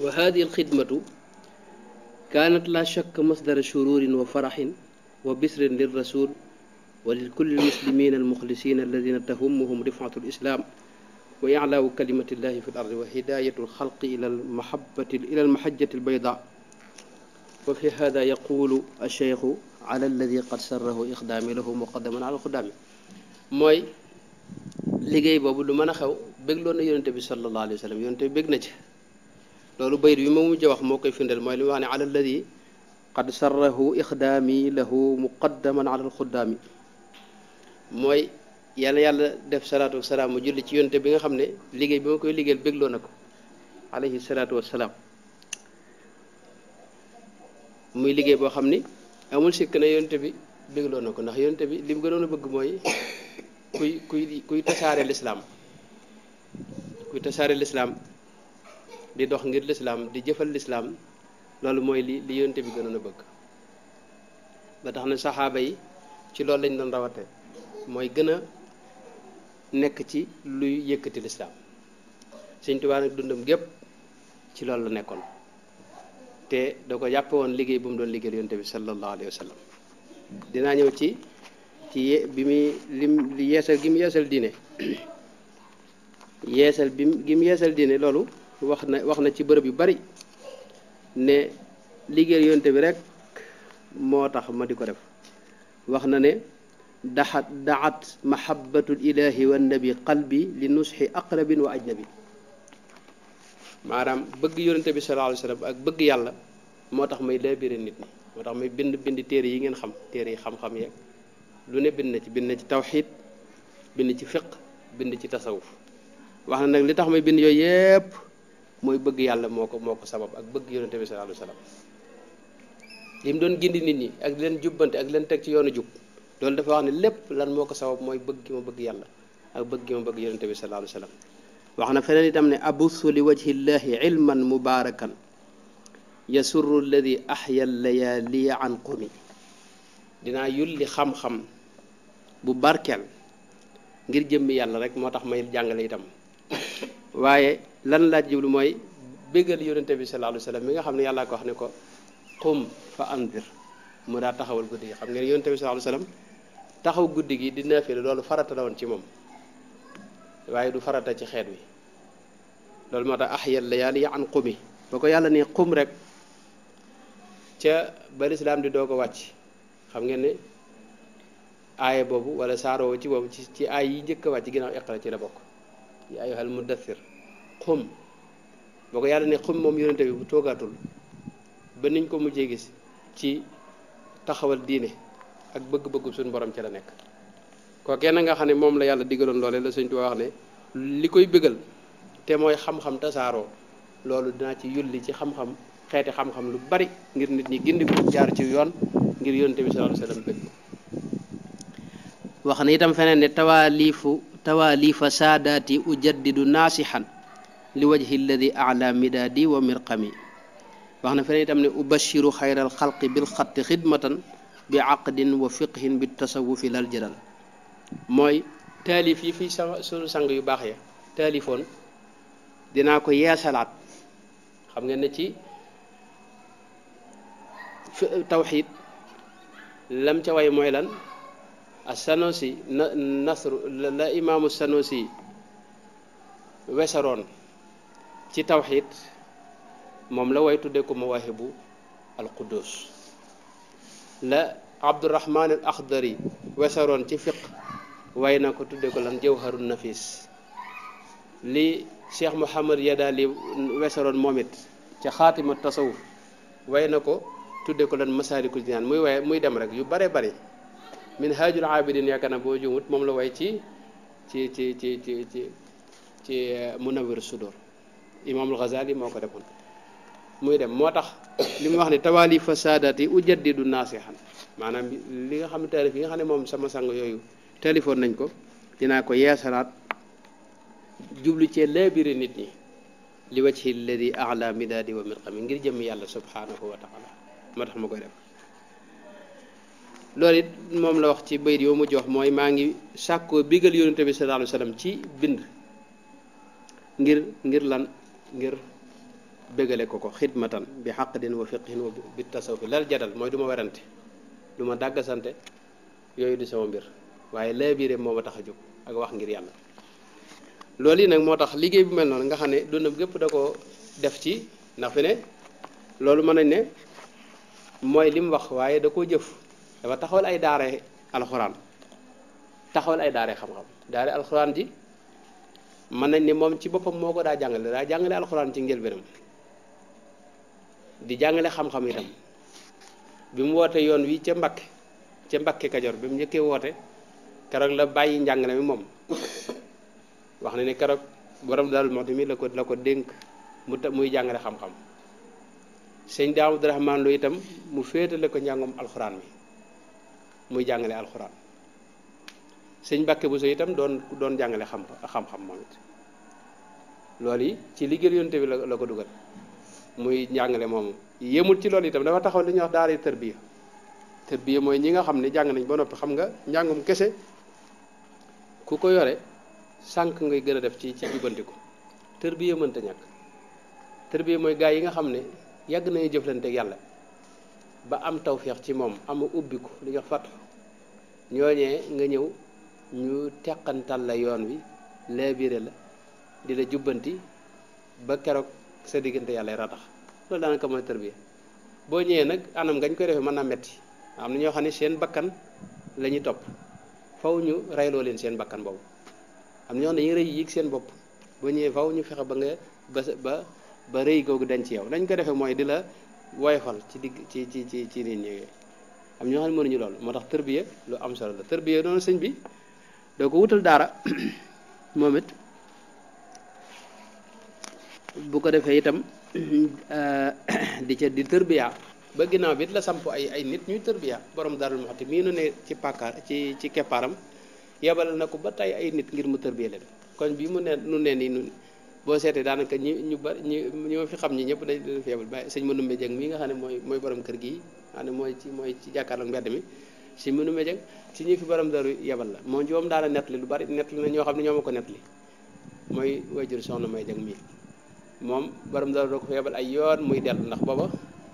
وهذه الخدمة كانت لا شك مصدر شرور وفرح وبسر للرسول ولكل المسلمين المخلصين الذين تهمهم رفعة الإسلام وإعلاء كلمة الله في الأرض وهداية الخلق إلى المحبة إلى المحجة البيضاء وفي هذا يقول الشيخ على الذي قد سره إخدامي له مقدما على الخدام موي liggéey boobu du mën a صلى الله عليه وسلم bi sallallahu loolu bayit bi moo mujj wax moo koy firndeel mooy li mu wax ne ala alladi qad sarrahu ixdaami lahu muqaddaman ala alxuddaami mooy yàlla yàlla def salaatu wasalaam mu julli ci yonte bi nga xam ne liggéey bi ma koy liggéeyal bégloo na ko alayhi salaatu wasalaam muy liggéey boo xam ni amul sikk na yonte bi bégloo na ko ndax yonte bi li mu gënoon a bëgg mooy kuy kuy kuy tasaare lislaam kuy tasaare lislaam di dox ngir lislaam di jëfal lislaam loolu mooy li li yonte bi gënoon a bëgg ba tax na saxaaba yi ci loolu lañ doon rawate mooy gën a nekk ci luy yëkkati lislaam Sëñ Tuubaa nag dundam gépp ci loolu la nekkoon te da ko jàppe woon liggéey bu mu doon liggéeyal yonte bi sallallahu alayhi wa sallam dinaa ñëw ci ci bi muy lim yeesal gi mu yeesal diine yeesal bi gi mu yeesal diine loolu wax na wax na ci bërëb yu bari ne liggéey yonte bi rek moo tax ma di ko def wax na ne daxat daxat mahabbatul ilahi wa nabi qalbi li nusxi aqrabin wa ajnabi maanaam bëgg yonente bi sallallahu alayhi wa sallam ak bëgg yàlla moo tax may laabire nit ñi moo tax may bind bind téere yi ngeen xam téere yi xam-xam yeeg lu ne bind na ci bind na ci tawxiid bind ci fiq bind ci tasawuf wax na nag li tax may bind yooyu yépp mooy bëgg yàlla moo ko moo ko sabab ak bëgg yonente bi sallallahu alayhi li mu doon gindi nit ñi ak leen jubbante ak leen teg ci yoonu jub loolu dafa wax ne lépp lan moo ko sabab mooy bëgg ma bëgg yàlla ak bëgg gi ma bëgg yonente bi sallallahu alayhi wax na feneen itam ne abussu li wajhillahi ilman mubarakan yasurru alladi ahya layaliya an qumi dinaa yulli xam-xam bu barkeel ngir jëmmi yàlla rek moo tax may jàngale itam waaye lan laaj jiblu mooy béggal yonente bi sallallahu alayhi wa mi nga xam ne yàllaa ko wax ne ko xum fa andir mu daa taxawal guddi gi xam ngeen yonente bi sallallahu alayhi taxaw guddi gi dina naafila loolu farata woon ci moom waaye du farata ci xeet wi loolu moo tax ahyal layaali an qumi ba ko yàlla ne qum rek ca ba lislaam di doo ko wàcc xam ngeen ne aaya boobu wala saaroo ci boobu ci ci aay yi njëkk a wàcc ginnaaw iqra ci la bokk ya ayyuhal muddathir xum boo ko yàlla ne xum moom yonente bi bu toogaatul ba nuñ ko mujjee gis ci taxawal diine ak bëgg-bëggu suñ boroom ci la nekk ko kenn nga xam ne moom la yàlla digaloon loole la Sëñ Tuubaa wax ne li koy bëggal te mooy xam-xam tasaaroo loolu dinaa ci yulli ci xam-xam xeeti xam-xam lu bari ngir nit ñi gindi ko ci yoon ngir yonente bi sallallahu alayhi wasallam bëgg wax na itam feneen tawaalifu tawaalifa saadaati ujaddidu naasixan لوجه الذي أعلى مدادي ومرقمي وحنا فني تامني أبشر خير الخلق بالخط خدمة بعقد وفقه بالتصوف إلى الجرال موي تالي في في سورو سانغ يو باخيا تاليفون دينا كو ياسالات خم نغي توحيد لم تواي مويلا لان السنوسي نصر لا امام السنوسي وسرون ci tawxid moom la way tuddee ko mawaahibu al quddus la abdurahman al akhdari wesaroon ci fiq way na ko tuddee ko lan jawharu nafis li cheikh mouhamad yadaali wesaroon moom it ci xaatima tasawuf way na ko tuddee ko lan masaalikul jinaan muy way muy dem rek yu bare bari min haajul abidin yaakaar na boo jumut moom la way ci ci ci ci ci ci ci munawir sudur imaamul Ghazali moo ko defoon muy dem moo tax li mu wax ne tawaali fasaadaati ujaddidu naasixan maanaam li nga xam ne taalif nga xam ne moom sama sang yooyu téléphone nañ ko dinaa ko yeesalaat jublu ci léebiri nit ñi li wajhi alladi ala midaadi wa mirqami ngir jëm yàlla subhanahu wa taala moo tax ma koy def loolu it moom la wax ci bayit yoo mu mooy maa ngi sàkkoo bigal yonente bi sallallahu alayhi wa ci bind ngir ngir lan ngir bégale ko ko xidmatan bi xaqdin wa fiqhin wa bi tasawufi lal jadal mooy du ma werante du ma dàggasante yooyu du sama mbir waaye laabiire moo ma tax a jóg ak wax ngir yàlla loolu yi nag moo tax liggéey bu mel noonu nga xam ne dundam gépp da ko def ci ndax fi ne loolu mën nañ ne mooy li mu wax waaye da koo jëf dafa taxawal ay daare alxuraan taxawal ay daare xam-xam daare alxuraan ji mën nañ ni moom ci boppam moo ko daa jàngale daa jàngale alxuraan ci njëlbéenam di jàngale xam-xam itam bi mu wootee yoon wi ca mbakk ca Mbakke Kajoor bi mu njëkkee woote keroog la bàyyi njàngale mi moom wax na ne keroog borom daal moo tamit la ko la dénk mu ta muy jàngale xam-xam sëñ Daam Abdurahmaan Lo itam mu féetale ko njàngum alxuraan mi muy jàngale alxuraan sëñ bu sey itam doon doon jàngale xam xam-xam moom it loolu ci liggéey yonte bi la ko dugal muy njàngale moomu yemul ci loolu itam dafa taxaw li ñuy wax daari tërbiya tërbiya mooy ñi nga xam ne jàng nañ ba noppi xam nga njàngum kese ku ko yore sànq ngay gën a def ci ci jubbantiku tërbiya ta ñàkk tërbiya mooy gaay yi nga xam ne yàgg nañu jëflante ak yàlla ba am tawféex ci moom am ubbiku li nga fat ñooñee nga ñëw ñu teqantal la yoon wi lebiré la di la jubanti ba kérok sa ra tax ratax da naka moy tarbiya bo ñëwé nak anam gañ ko réfé mëna metti am na ñoo seen bakkan la top topp faw ñu lo leen seen bakkan bobu am ñoo dañuy rëy yéeg seen bop bo ñëwé faw ñu fexé ba nga ba ba ba rëy gogu dañ ci yow dañ ko réfé moy di la woyofal ci ci ci ci ci nit ñi am ñoo xani mënu ñu lool motax tax lu am solo la tërbiya noonu señ bi doo ko wutal dara momit bu ko defee itam euh, di ca di terbiya ba ginaaw bit la samp ay ay nit ñuy terbiya borom Daaru Muxti mi nu ne ci pakar ci ci keparam yabal na ko ba tay ay nit ngir mu terbiya leen kon bi mu ne nu ne ni nu sété da naka ñi ñu bari ñi ñi fi xam ñi ñepp dañu fi yabal yebal señ sëñ Manoumbe Dieng mi nga xane moy moy borom kër gi xam moy ci moy ci ak mbedd mi si munu méjëg si ñi fi borom daru yebal la moom ci moom daana nettali lu bari nettali na ñoo xam ne ñoo ko ko nettali mooy wajur soxna may jëg mii moom borom daru doo ko fa yebal ay yoon muy dell ndax booba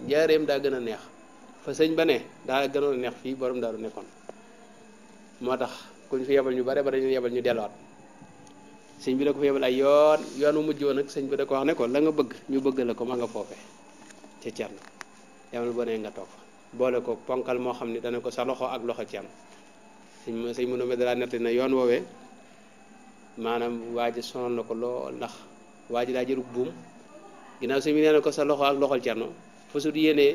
njaareem daa gën a neex fa sëñ ba ne daa gënoon a neex fii borom daru nekkoon moo tax kuñ fi yebal ñu bare ba ñu yebal ñu delluwaat sëñ bi da ko fa yebal ay yoon yoon wu mujj woon nag sëñ bi da ko wax ne la nga bëgg ñu bëgg la ko ma nga foofe ca Cerno demal ba nga toog boole ko ponkal moo xam ne dana ko sa loxo ak loxo ci am sëñ sëñ mën dalaa nettali na yoon woowee maanaam waa ji sonal na ko lool ndax waa ji daa jërug buum ginaaw sëñ bi nee ko sa loxo ak loxol cerno fa su yéenee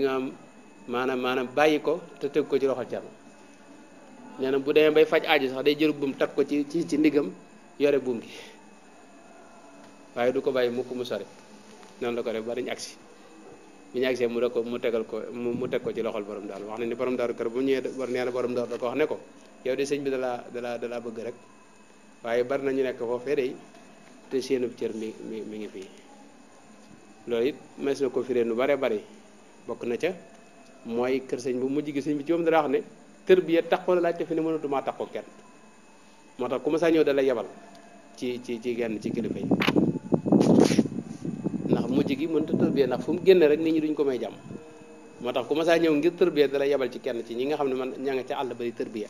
nga am maanaam maanaam bàyyi ko te tëgg ko ci loxol cerno nee na bu demee bay faj aajo sax day jërug buum tag ko ci ci ci ndiggam yore buum gi waaye du ko bàyyi mukk mu sore noonu la ko rek ba dañ agsi bi ñu agsee mu da ko mu tegal ko mu teg ko ci loxol borom daaru wax na ni borom daaru kër bu ñëwee nee na borom daaru da ko wax ne ko yow de sëñ bi dalaa dalaa dalaa bëgg rek waaye bari nañu nekk foofee day te seenub cër mi mi ngi fii loolu it mas na ko firee nu bare bari bokk na ca mooy kër sëñ bu mujj gi sëñ bi ci moom dara wax ne tër bi ya taxoo la laajte fi ne mënatumaa taxoo kenn moo tax ku ñëw da la yebal ci ci ci genn ci kilifa yi ndax mujj gi mënta tërbiya ndax fu mu génne rek nit ñi duñ ko may jam motax kuma sa ñew ngir tërbiya dara yabal ci kenn ci ñi nga xam man ñanga nga Allah bari ba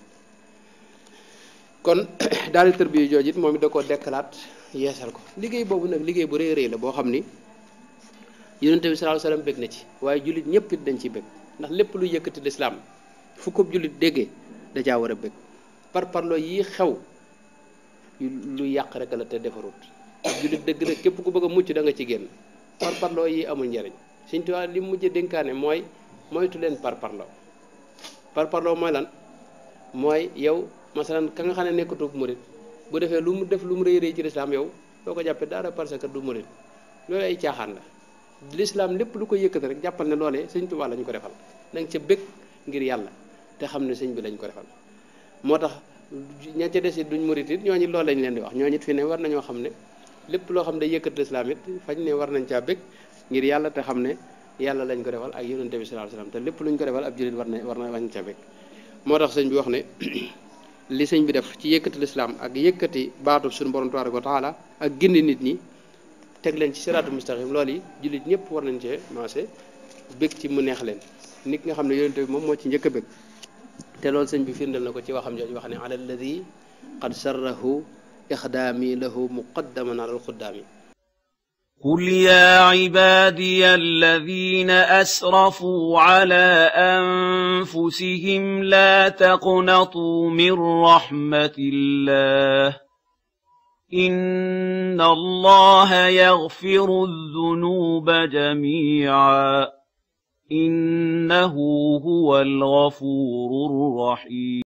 kon daal di jojit momi da ko déclarat yéssal ko liggéey bobu nak liggéey bu réré la bo xamni ni yonente bi sallallahu alayhi wasallam bëgg na ci waye julit ñepp it dañ ci bëgg ndax lepp lu yëkëti l'islam fu ko julit déggé da ja wara bëgg par parlo yi xew lu yaq rek la te defarut julit dëgg rek képp ku bëgg a mucc da nga ci génn parparloo yi amul njariñ Sëñ Tuubaa li mujj dénkaane mooy moytu leen parparloo parparloo mooy lan mooy yow masalan ka nga xam ne nekkatub murit bu defee lu mu def lu mu rëy rëy ci lislaam yow doo ko jàppee dara parce que du murit loolu ay caaxaan la lislaam lépp lu ko yëkkati rek jàppal ne loolee Sëñ Tuubaa lañ ko defal na ca ngir yàlla te xam ne sëñ bi lañ ko defal moo tax ña ca des it duñ murit it ñooñu loolu lañ leen di wax ñooñu it fi ne war nañoo xam ne lépp loo xam ne day yëkkati lislaam it fañ ne war nañ caa bég ngir yàlla te xam ne yàlla lañ ko defal ak yonente bi sallallahu alayhi wasallam te lépp luñ ko defal ab jullit war na war na wañ caa bég moo tax sëñ bi wax ne li sëñ bi def ci yëkkati lislaam ak yëkkati baatub suñu borom tabaaraka wa taala ak gindi nit ñi teg leen ci siraatu mustaqim loolu yi jullit ñëpp war nañ cee maase bég ci mu neex leen nit nga xam ne yonente bi moom moo ci njëkk a bég te loolu sëñ bi firndal na ko ci waxam jooju wax ne ala alladi qad sarrahu إخدامي له مقدما على الخدام قل يا عبادي الذين أسرفوا على أنفسهم لا تقنطوا من رحمة الله إن الله يغفر الذنوب جميعا إنه هو الغفور الرحيم